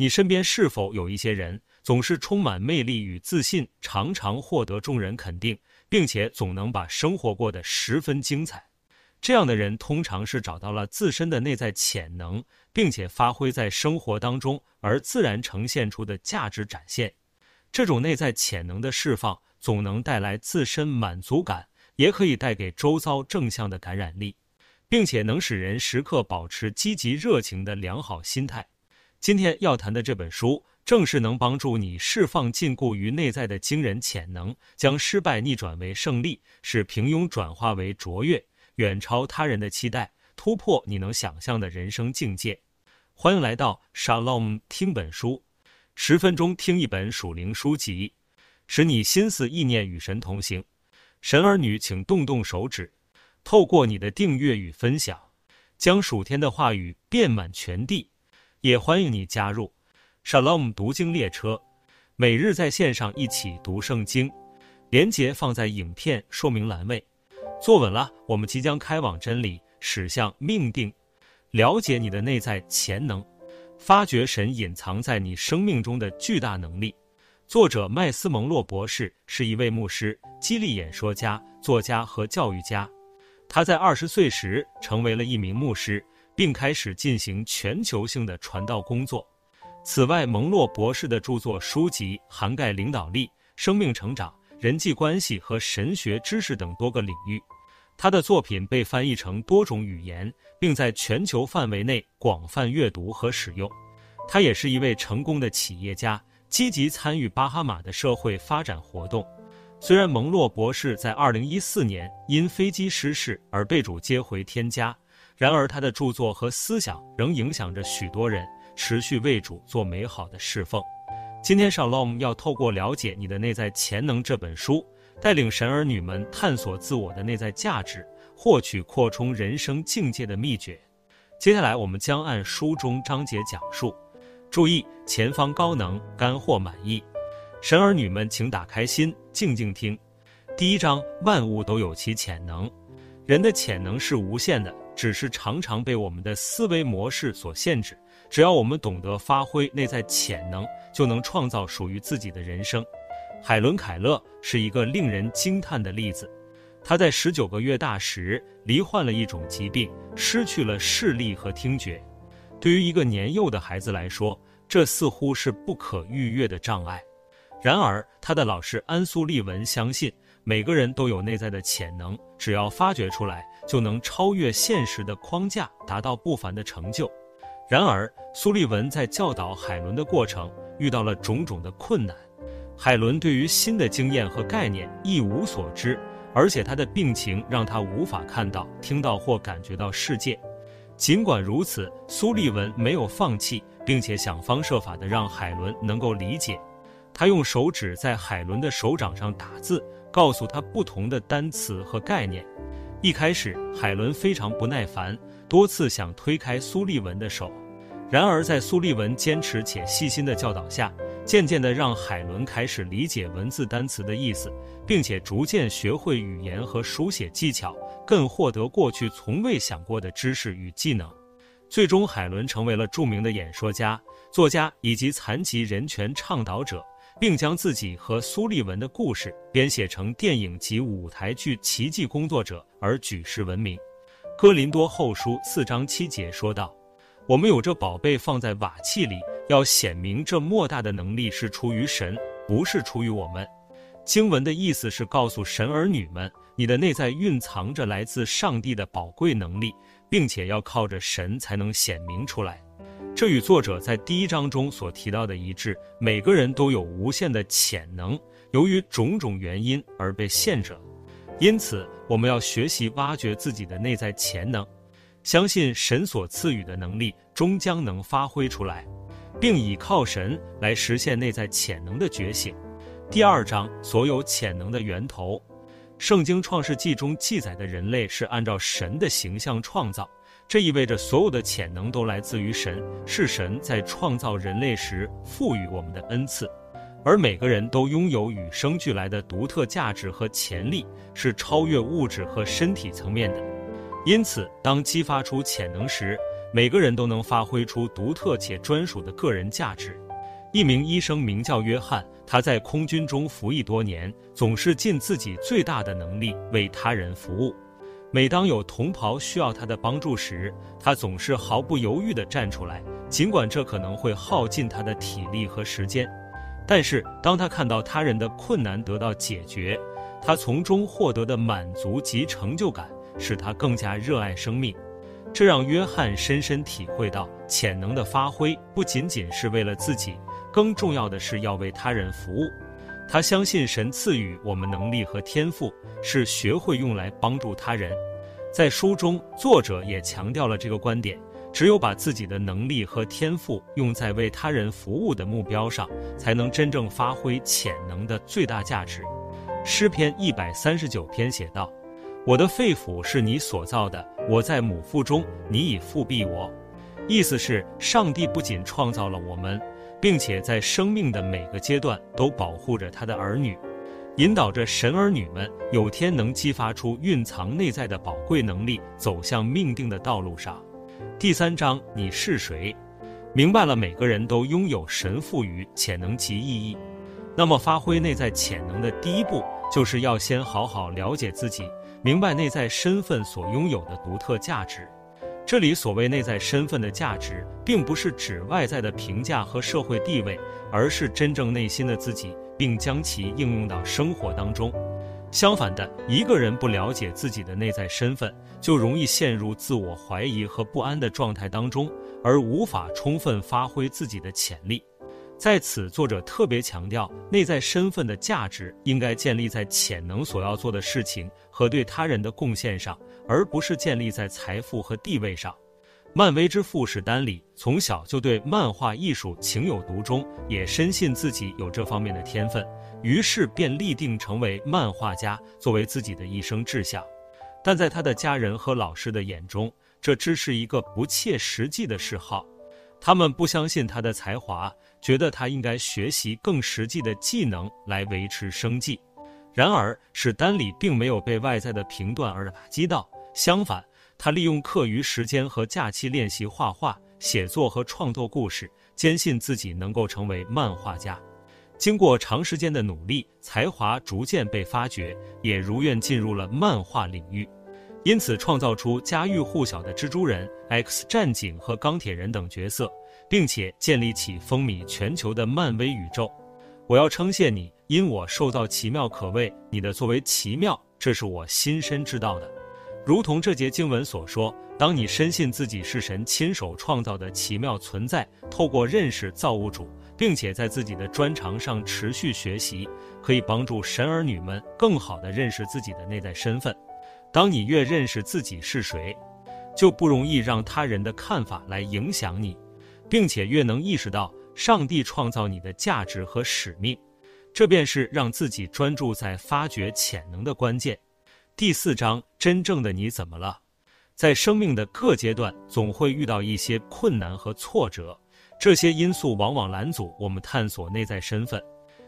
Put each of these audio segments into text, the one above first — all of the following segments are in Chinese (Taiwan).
你身邊是否有一些人總是充滿魅力與自信，常常獲得眾人肯定，並且總能把生活過得十分精彩？這樣的人通常是找到了自身的內在潛能，並且發揮在生活當中，而自然呈現出的價值展現。這種內在潛能的釋放，總能帶來自身滿足感，也可以帶給周遭正向的感染力，並且能使人時刻保持積極熱情的良好心態。今天要談的這本書，正是能幫助你釋放禁錮於內在的驚人潛能，將失敗逆轉為勝利，使平庸轉化為卓越，遠超他人的期待，突破你能想象的人生境界。歡迎來到 Shalom，聽本書，十分鐘聽一本屬靈書籍，使你心思意念與神同行。神兒女，請動動手指，透過你的訂閱與分享，將屬天的話語遍滿全地。也歡迎你加入 Shalom 讀經列車，每日在線上一起讀聖經。連結，放在影片說明欄位。坐穩了，我們即將開往真理，駛向命定，了解你的內在潛能，發掘神隱藏在你生命中的巨大能力。作者麥斯蒙洛博士是一位牧師、激勵演說家、作家和教育家。他在二十歲時成為了一名牧師，並開始進行全球性的傳道工作。此外，蒙洛博士的著作書籍涵蓋領導力、生命成長、人際關係和神學知識等多個領域。他的作品被翻譯成多種語言，並在全球範圍內廣泛閱讀和使用。他也是一位成功的企業家，積極參與巴哈馬的社會發展活動。雖然蒙洛博士在2014年因飛機失事而被主接回天家，然而他的著作和思想仍影響着許多人，持續為主做美好的侍奉。今天，Shalom 要透過了解你的內在潛能這本書，帶領神兒女們探索自我的內在價值，獲取擴充人生境界的秘訣。接下來，我們將按書中章節講述。注意，前方高能，乾貨滿溢。神兒女們，請打開心，靜靜聽。第一章，萬物都有其潛能，人的潛能是無限的，只是常常被我們的思維模式所限制。只要我們懂得發揮內在潛能，就能創造屬於自己的人生。海倫·凱勒是一個令人驚嘆的例子，她在十九個月大時罹患了一種疾病，失去了視力和聽覺。對於一個年幼的孩子來說，這似乎是不可逾越的障礙。然而，他的老師安蘇利文相信每個人都有內在的潛能，只要發掘出來，就能超越現實的框架，達到不凡的成就。然而，蘇利文在教導海倫的過程遇到了種種的困難。海倫對於新的經驗和概念一無所知，而且他的病情讓他無法看到、聽到或感覺到世界。儘管如此，蘇利文沒有放棄，並且想方設法的讓海倫能夠理解。他用手指在海倫的手掌上打字，告訴她不同的單詞和概念。一開始，海倫非常不耐煩，多次想推開蘇利文的手。然而，在蘇利文堅持且細心的教導下，漸漸的讓海倫開始理解文字單詞的意思，並且逐漸學會語言和書寫技巧，更獲得過去從未想過的知識與技能。最終，海倫成為了著名的演說家、作家以及殘疾人權倡導者。並將自己和蘇利文的故事編寫成電影及舞台劇《奇蹟工作者》，而舉世聞名。哥林多後書四章七節說道：“我們有這寶貝放在瓦器裡，要顯明這莫大的能力是出於神，不是出於我們。”經文的意思是告訴神兒女們：“你的內在蘊藏着來自上帝的寶貴能力，並且要靠着神才能顯明出來。”這與作者在第一章中所提到的一致。每個人都有無限的潛能，由於種種原因而被限制。因此，我們要學習挖掘自己的內在潛能，相信神所賜予的能力終將能發揮出來，並依靠神來實現內在潛能的覺醒。第二章，所有潛能的源頭。聖經創世記中記載的人類是按照神的形象創造。這意味着所有的潛能都來自於神，是神在創造人類時賦予我們的恩賜，而每個人都擁有與生俱來的獨特價值和潛力，是超越物質和身體層面的。因此，當激發出潛能時，每個人都能發揮出獨特且專屬的個人價值。一名醫生名叫約翰，他在空軍中服役多年，總是盡自己最大的能力為他人服務。每當有同袍需要他的幫助時，他總是毫不猶豫地站出來，儘管這可能會耗盡他的體力和時間。但是，當他看到他人的困難得到解決，他從中獲得的滿足及成就感，使他更加熱愛生命。這讓約翰深深體會到，潛能的發揮不僅僅是為了自己，更重要的是要為他人服務。他相信神賜予我們能力和天賦是學會用來幫助他人。在書中，作者也強調了這個觀點：只有把自己的能力和天賦用在為他人服務的目標上，才能真正發揮潛能的最大價值。詩篇一百三十九篇寫道：“我的肺腑是你所造的，我在母腹中，你已覆庇我。”意思是，上帝不僅創造了我們。並且在生命的每個階段都保護着他的兒女，引導着神兒女們有天能激發出蘊藏內在的寶貴能力，走向命定的道路上。第三章，你是誰？明白了，每個人都擁有神賦予潛能及意義，那麼發揮內在潛能的第一步，就是要先好好了解自己，明白內在身份所擁有的獨特價值。這裡所謂內在身份的價值，並不是指外在的評價和社會地位，而是真正內心的自己，並將其應用到生活當中。相反的，一個人不了解自己的內在身份，就容易陷入自我懷疑和不安的狀態當中，而無法充分發揮自己的潛力。在此，作者特別強調，內在身份的價值應該建立在潛能所要做的事情和對他人的貢獻上。而不是建立在財富和地位上。漫威之父史丹李從小就對漫畫藝術情有獨鍾，也深信自己有這方面的天分，於是便立定成為漫畫家作為自己的一生志向。但在他的家人和老師的眼中，這只是一個不切實際的嗜好，他們不相信他的才華，覺得他應該學習更實際的技能來維持生計。然而，史丹李並沒有被外在的評斷而打擊到。相反，他利用課餘時間和假期練習畫畫、寫作和創作故事，堅信自己能夠成為漫畫家。經過長時間的努力，才華逐漸被發掘，也如願進入了漫畫領域。因此，創造出家喻戶曉的蜘蛛人、X 戰警和鋼鐵人等角色，並且建立起風靡全球的漫威宇宙。我要稱謝你，因我受造，奇妙可畏，你的作為奇妙，這是我心深知道的。如同這節經文所說，當你深信自己是神親手創造的奇妙存在，透過認識造物主，並且在自己的專長上持續學習，可以幫助神兒女們更好地認識自己的內在身份。當你越認識自己是誰，就不容易讓他人的看法來影響你，並且越能意識到上帝創造你的價值和使命。這便是讓自己專注在發掘潛能的關鍵。第四章，真正的你怎麼了？在生命的各階段，總會遇到一些困難和挫折。這些因素往往攔阻我們探索內在身份。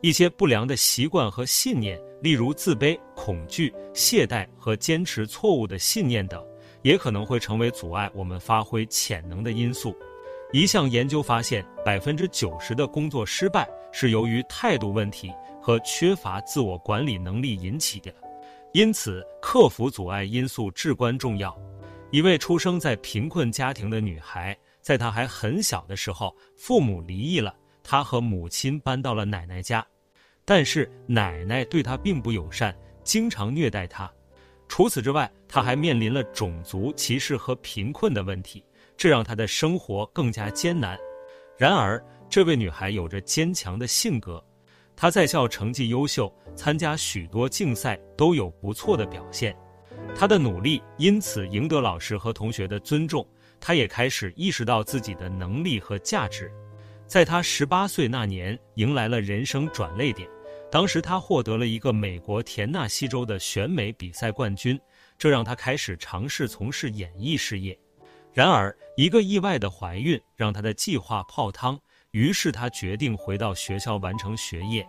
一些不良的習慣和信念，例如自卑、恐懼、懈怠和堅持錯誤的信念等，也可能會成為阻礙我們發揮潛能的因素。一項研究發現，百分之九十的工作失敗是由於態度問題和缺乏自我管理能力引起的。因此，克服阻礙因素至關重要。一位出生在貧困家庭的女孩，在她還很小的時候，父母離異了，她和母親搬到了奶奶家。但是，奶奶對她並不友善，經常虐待她。除此之外，她還面臨了種族歧視和貧困的問題，這讓她的生活更加艱難。然而，這位女孩有着堅強的性格。他在校成績優秀，參加許多競賽都有不錯的表現。他的努力因此贏得老師和同學的尊重，他也開始意識到自己的能力和價值。在他十八歲那年，迎來了人生轉捩點。當時他獲得了一個美國田納西州的選美比賽冠軍，這讓他開始嘗試從事演藝事業。然而，一個意外的懷孕讓他的計劃泡湯。於是她決定回到學校完成學業。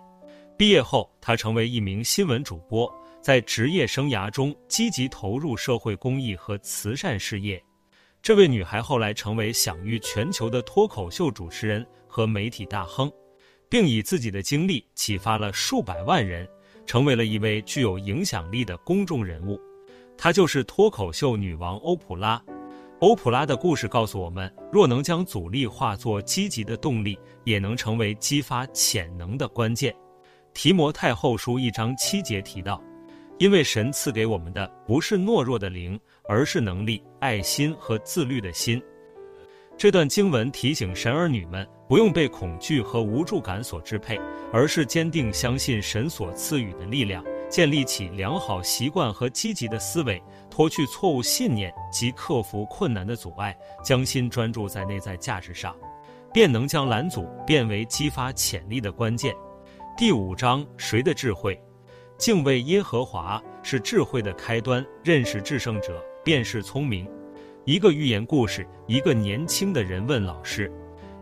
畢業後，她成為一名新聞主播，在職業生涯中積極投入社會公益和慈善事業。這位女孩後來成為享譽全球的脫口秀主持人和媒體大亨，並以自己的經歷啟發了數百萬人，成為了一位具有影響力的公眾人物。她就是脫口秀女王歐普拉。歐普拉的故事告訴我們，若能將阻力化作積極的動力，也能成為激發潛能的關鍵。提摩太後書一章七節提到：“因為神賜給我們的不是懦弱的靈，而是能力、愛心和自律的心。”這段經文提醒神兒女們，不用被恐懼和無助感所支配，而是堅定相信神所賜予的力量。建立起良好習慣和積極的思維，脫去錯誤信念及克服困難的阻礙，將心專注在內在價值上，便能將攔阻變為激發潛力的關鍵。第五章，誰的智慧？敬畏耶和華是智慧的開端，認識至聖者便是聰明。一個寓言故事，一個年輕的人問老師：“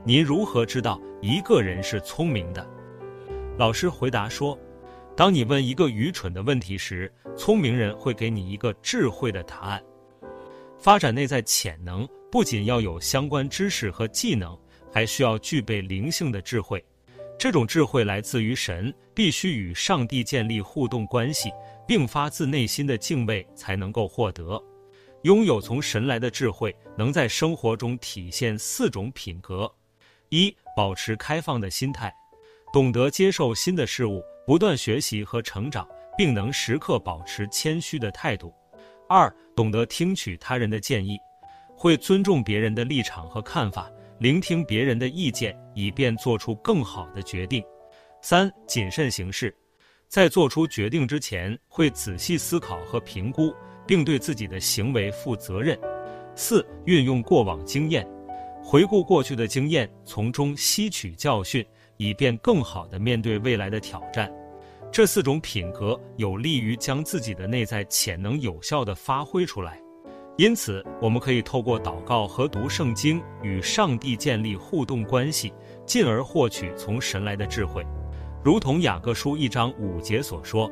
您如何知道一個人是聰明的？”老師回答說。當你問一個愚蠢的問題時，聰明人會給你一個智慧的答案。發展內在潛能不僅要有相關知識和技能，還需要具備靈性的智慧。這種智慧來自於神，必須與上帝建立互動關係，並發自內心的敬畏才能夠獲得。擁有從神來的智慧，能在生活中體現四種品格：一、保持開放的心態，懂得接受新的事物。不斷學習和成長，並能時刻保持謙虛的態度。二、懂得聽取他人的建議，會尊重別人的立場和看法，聆聽別人的意見，以便做出更好的決定。三、謹慎行事，在做出決定之前會仔細思考和評估，並對自己的行為負責任。四、運用過往經驗，回顧過去的經驗，從中吸取教訓，以便更好地面對未來的挑戰。這四種品格有利於將自己的內在潛能有效地發揮出來，因此，我們可以透過禱告和讀聖經與上帝建立互動關係，進而獲取從神來的智慧。如同雅各書一章五節所說：“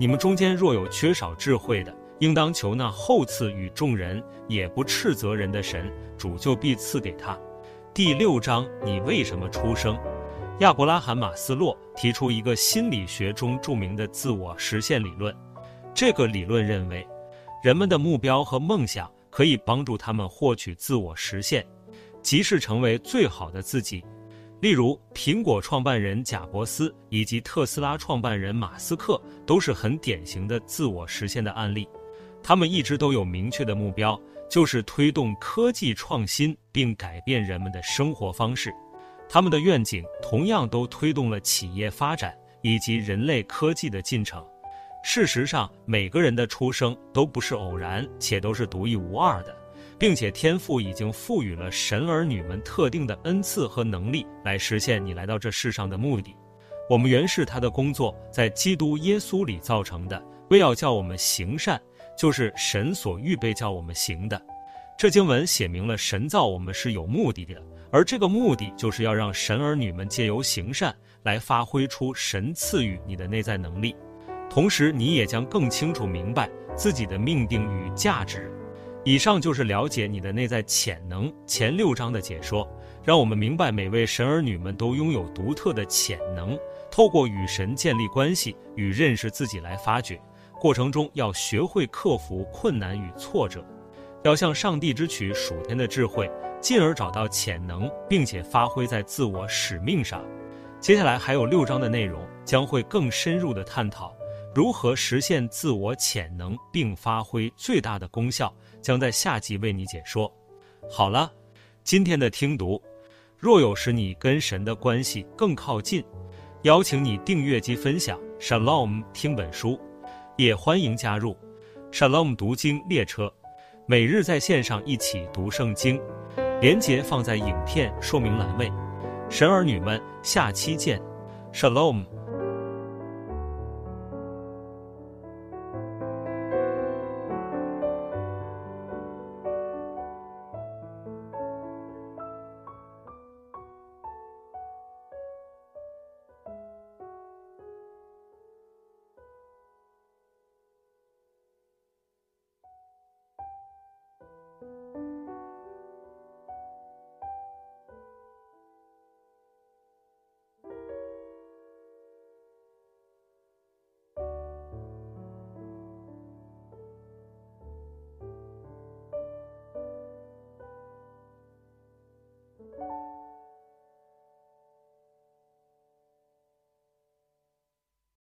你們中間若有缺少智慧的，應當求那厚賜與眾人、也不斥責人的神，主就必賜給他。”第六章，你為什麼出生？亞伯拉罕·馬斯洛提出一個心理學中著名的自我實現理論。這個理論認為，人們的目標和夢想可以幫助他們獲取自我實現，即是成為最好的自己。例如，蘋果創辦人賈伯斯以及特斯拉創辦人馬斯克都是很典型的自我實現的案例。他們一直都有明確的目標，就是推動科技創新並改變人們的生活方式。他們的願景同樣都推動了企業發展以及人類科技的進程。事實上，每個人的出生都不是偶然，且都是獨一無二的，並且天父已經賦予了神兒女們特定的恩賜和能力來實現你來到這世上的目的。我們原是他的工作，在基督耶穌裡造成的，為要叫我們行善，就是神所預備叫我們行的。這經文寫明了神造我們是有目的的。而這個目的就是要讓神兒女們借由行善來發揮出神賜予你的內在能力，同時你也將更清楚明白自己的命定與價值。以上就是了解你的內在潛能前六章的解說，讓我們明白每位神兒女們都擁有獨特的潛能，透過與神建立關係與認識自己來發掘，過程中要學會克服困難與挫折。要向上帝支取屬天的智慧，進而找到潛能，並且發揮在自我使命上。接下來還有六章的內容，將會更深入的探討如何實現自我潛能並發揮最大的功效，將在下集為你解說。好了，今天的聽讀，若有使你跟神的關係更靠近，邀請你訂閱及分享 Shalom 聽本書，也歡迎加入 Shalom 讀經列車。每日在線上一起讀聖經，連結放在影片說明欄位。神兒女們，下期見，Shalom。